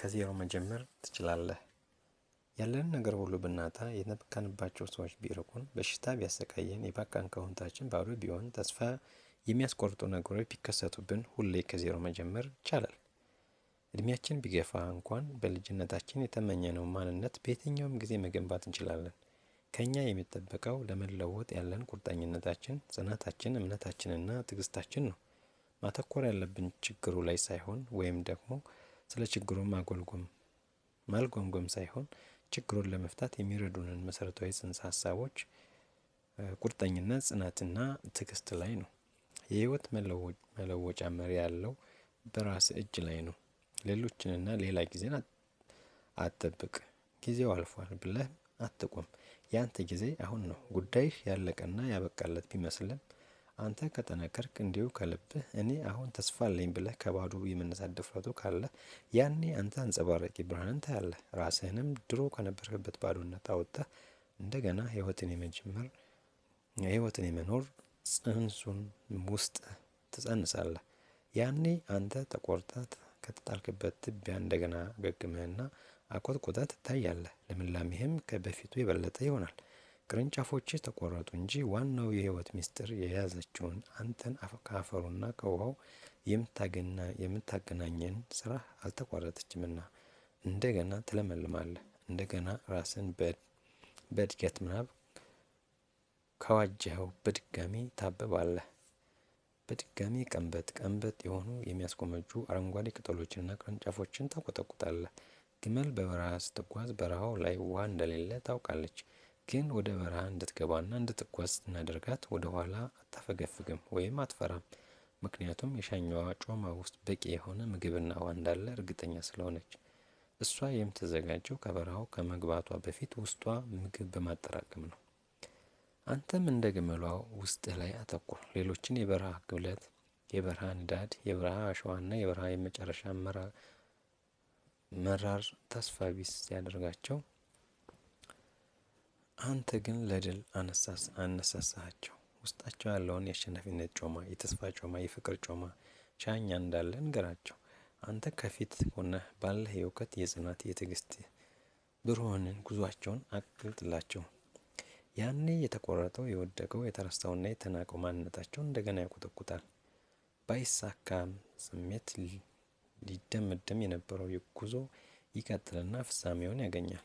ከዜሮ መጀመር ትችላለህ። ያለንን ነገር ሁሉ ብናጣ፣ የተመካንባቸው ሰዎች ቢርቁን፣ በሽታ ቢያሰቃየን፣ የባካን ካውንታችን ባዶ ቢሆን፣ ተስፋ የሚያስቆርጡ ነገሮች ቢከሰቱብን፣ ሁሌ ከዜሮ መጀመር ይቻላል። እድሜያችን ቢገፋ እንኳን በልጅነታችን የተመኘነው ማንነት በየትኛውም ጊዜ መገንባት እንችላለን። ከእኛ የሚጠበቀው ለመለወጥ ያለን ቁርጠኝነታችን፣ ጽናታችን፣ እምነታችንና ትዕግስታችን ነው። ማተኮር ያለብን ችግሩ ላይ ሳይሆን ወይም ደግሞ ስለ ችግሩ ማጎልጎም ማልጎምጎም ሳይሆን ችግሩን ለመፍታት የሚረዱንን መሰረታዊ ጽንሰ ሀሳቦች ቁርጠኝነት፣ ጽናትና ትዕግስት ላይ ነው። የህይወት መለወጫ መሪ ያለው በራስ እጅ ላይ ነው። ሌሎችንና ሌላ ጊዜን አትጠብቅ። ጊዜው አልፏል ብለህ አትቁም። የአንተ ጊዜ አሁን ነው። ጉዳይህ ያለቀና ያበቃለት ቢመስልም አንተ ከጠነከርክ እንዲሁ ከልብህ እኔ አሁን ተስፋ አለኝ ብለህ ከባዶ የመነሳት ድፍረቱ ካለ ያኔ አንተ አንጸባራቂ ብርሃንን ታያለህ። ራስህንም ድሮ ከነበርክበት ባዶነት አወጥተህ እንደገና ህይወትን የመጀመር ህይወትን የመኖር ጽንሱን ውስጥ ትጸንሳለህ። ያኔ አንተ ተቆርጠህ ከተጣልክበት ትቢያ እንደገና አገግምህና አቆጥቁጠህ ትታያለህ። ልምላሜህም ከበፊቱ የበለጠ ይሆናል። ቅርንጫፎችህ ተቆረጡ እንጂ ዋናው የህይወት ምስጢር የያዘችውን አንተን ከአፈሩና ከውሃው የምታገናኘን ስራ አልተቋረጠችምና እንደገና ገና ትለመልማለህ። እንደገና ራስን በእድገት ምናብ ከዋጀኸው በድጋሚ ታብባለህ። በድጋሚ ቀንበጥ ቀንበጥ የሆኑ የሚያስቆመጁ አረንጓዴ ቅጠሎችንና ቅርንጫፎችን ታቆጠቁጣለህ። ግመል በበረሃ ስትጓዝ በረሃው ላይ ውሃ እንደሌለ ታውቃለች። ግን ወደ በረሃ እንድትገባና እንድትጓዝ እናደርጋት። ወደ ኋላ አታፈገፍግም ወይም አትፈራም። ምክንያቱም የሻኛዋ ጮማ ውስጥ በቂ የሆነ ምግብና ውሃ እንዳለ እርግጠኛ ስለሆነች። እሷ የምትዘጋጀው ከበረሃው ከመግባቷ በፊት ውስጧ ምግብ በማጠራቀም ነው። አንተም እንደ ግመሏ ውስጥህ ላይ አተኩር። ሌሎችን የበረሃ ግብለት፣ የበረሃ ንዳድ፣ የበረሃ አሸዋና የበረሃ የመጨረሻ መራር ተስፋ ቢስ አንተ ግን ለድል አነሳሳሃቸው። ውስጣቸው ያለውን የአሸናፊነት ጮማ፣ የተስፋ ጮማ፣ የፍቅር ጮማ ሻኛ እንዳለ ንገራቸው። አንተ ከፊት ሆነህ ባለህ የእውቀት የጽናት፣ የትዕግስት ብርሆንን ጉዟቸውን አቅልጥላቸው። ያኔ የተቆረጠው የወደቀው የተረሳውና የተናቀው ማንነታቸውን እንደገና ያቆጠቁጣል። ባይሳካም ስሜት ሊደመደም የነበረው ጉዞ ይቀጥልና ፍጻሜውን ያገኛል።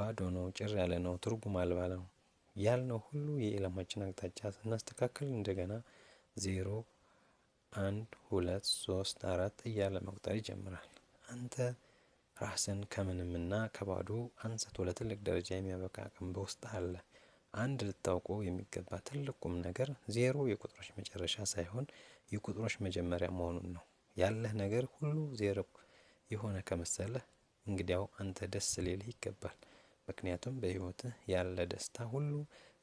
ባዶ ነው፣ ጭር ያለ ነው፣ ትርጉም አልባ ነው ያልነው ሁሉ የኢላማችን አቅጣጫ ስናስተካከል እንደገና ዜሮ አንድ ሁለት ሶስት አራት እያለ መቁጠር ይጀምራል። አንተ ራስን ከምንምና ከባዶ አንስቶ ለትልቅ ደረጃ የሚያበቃ አቅም በውስጥ አለ። አንድ ልታውቀው የሚገባ ትልቅ ቁም ነገር ዜሮ የቁጥሮች መጨረሻ ሳይሆን የቁጥሮች መጀመሪያ መሆኑን ነው። ያለህ ነገር ሁሉ ዜሮ የሆነ ከመሰለህ እንግዲያው አንተ ደስ ሊልህ ይገባል። ምክንያቱም በህይወትህ ያለ ደስታ ሁሉ፣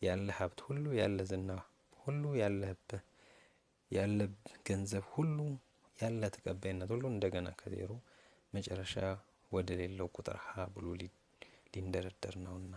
ያለ ሀብት ሁሉ፣ ያለ ዝና ሁሉ፣ ያለብህ ገንዘብ ሁሉ፣ ያለ ተቀባይነት ሁሉ እንደገና ከዜሮ መጨረሻ ወደ ሌለው ቁጥር ሀ ብሎ ሊንደረደር ነውና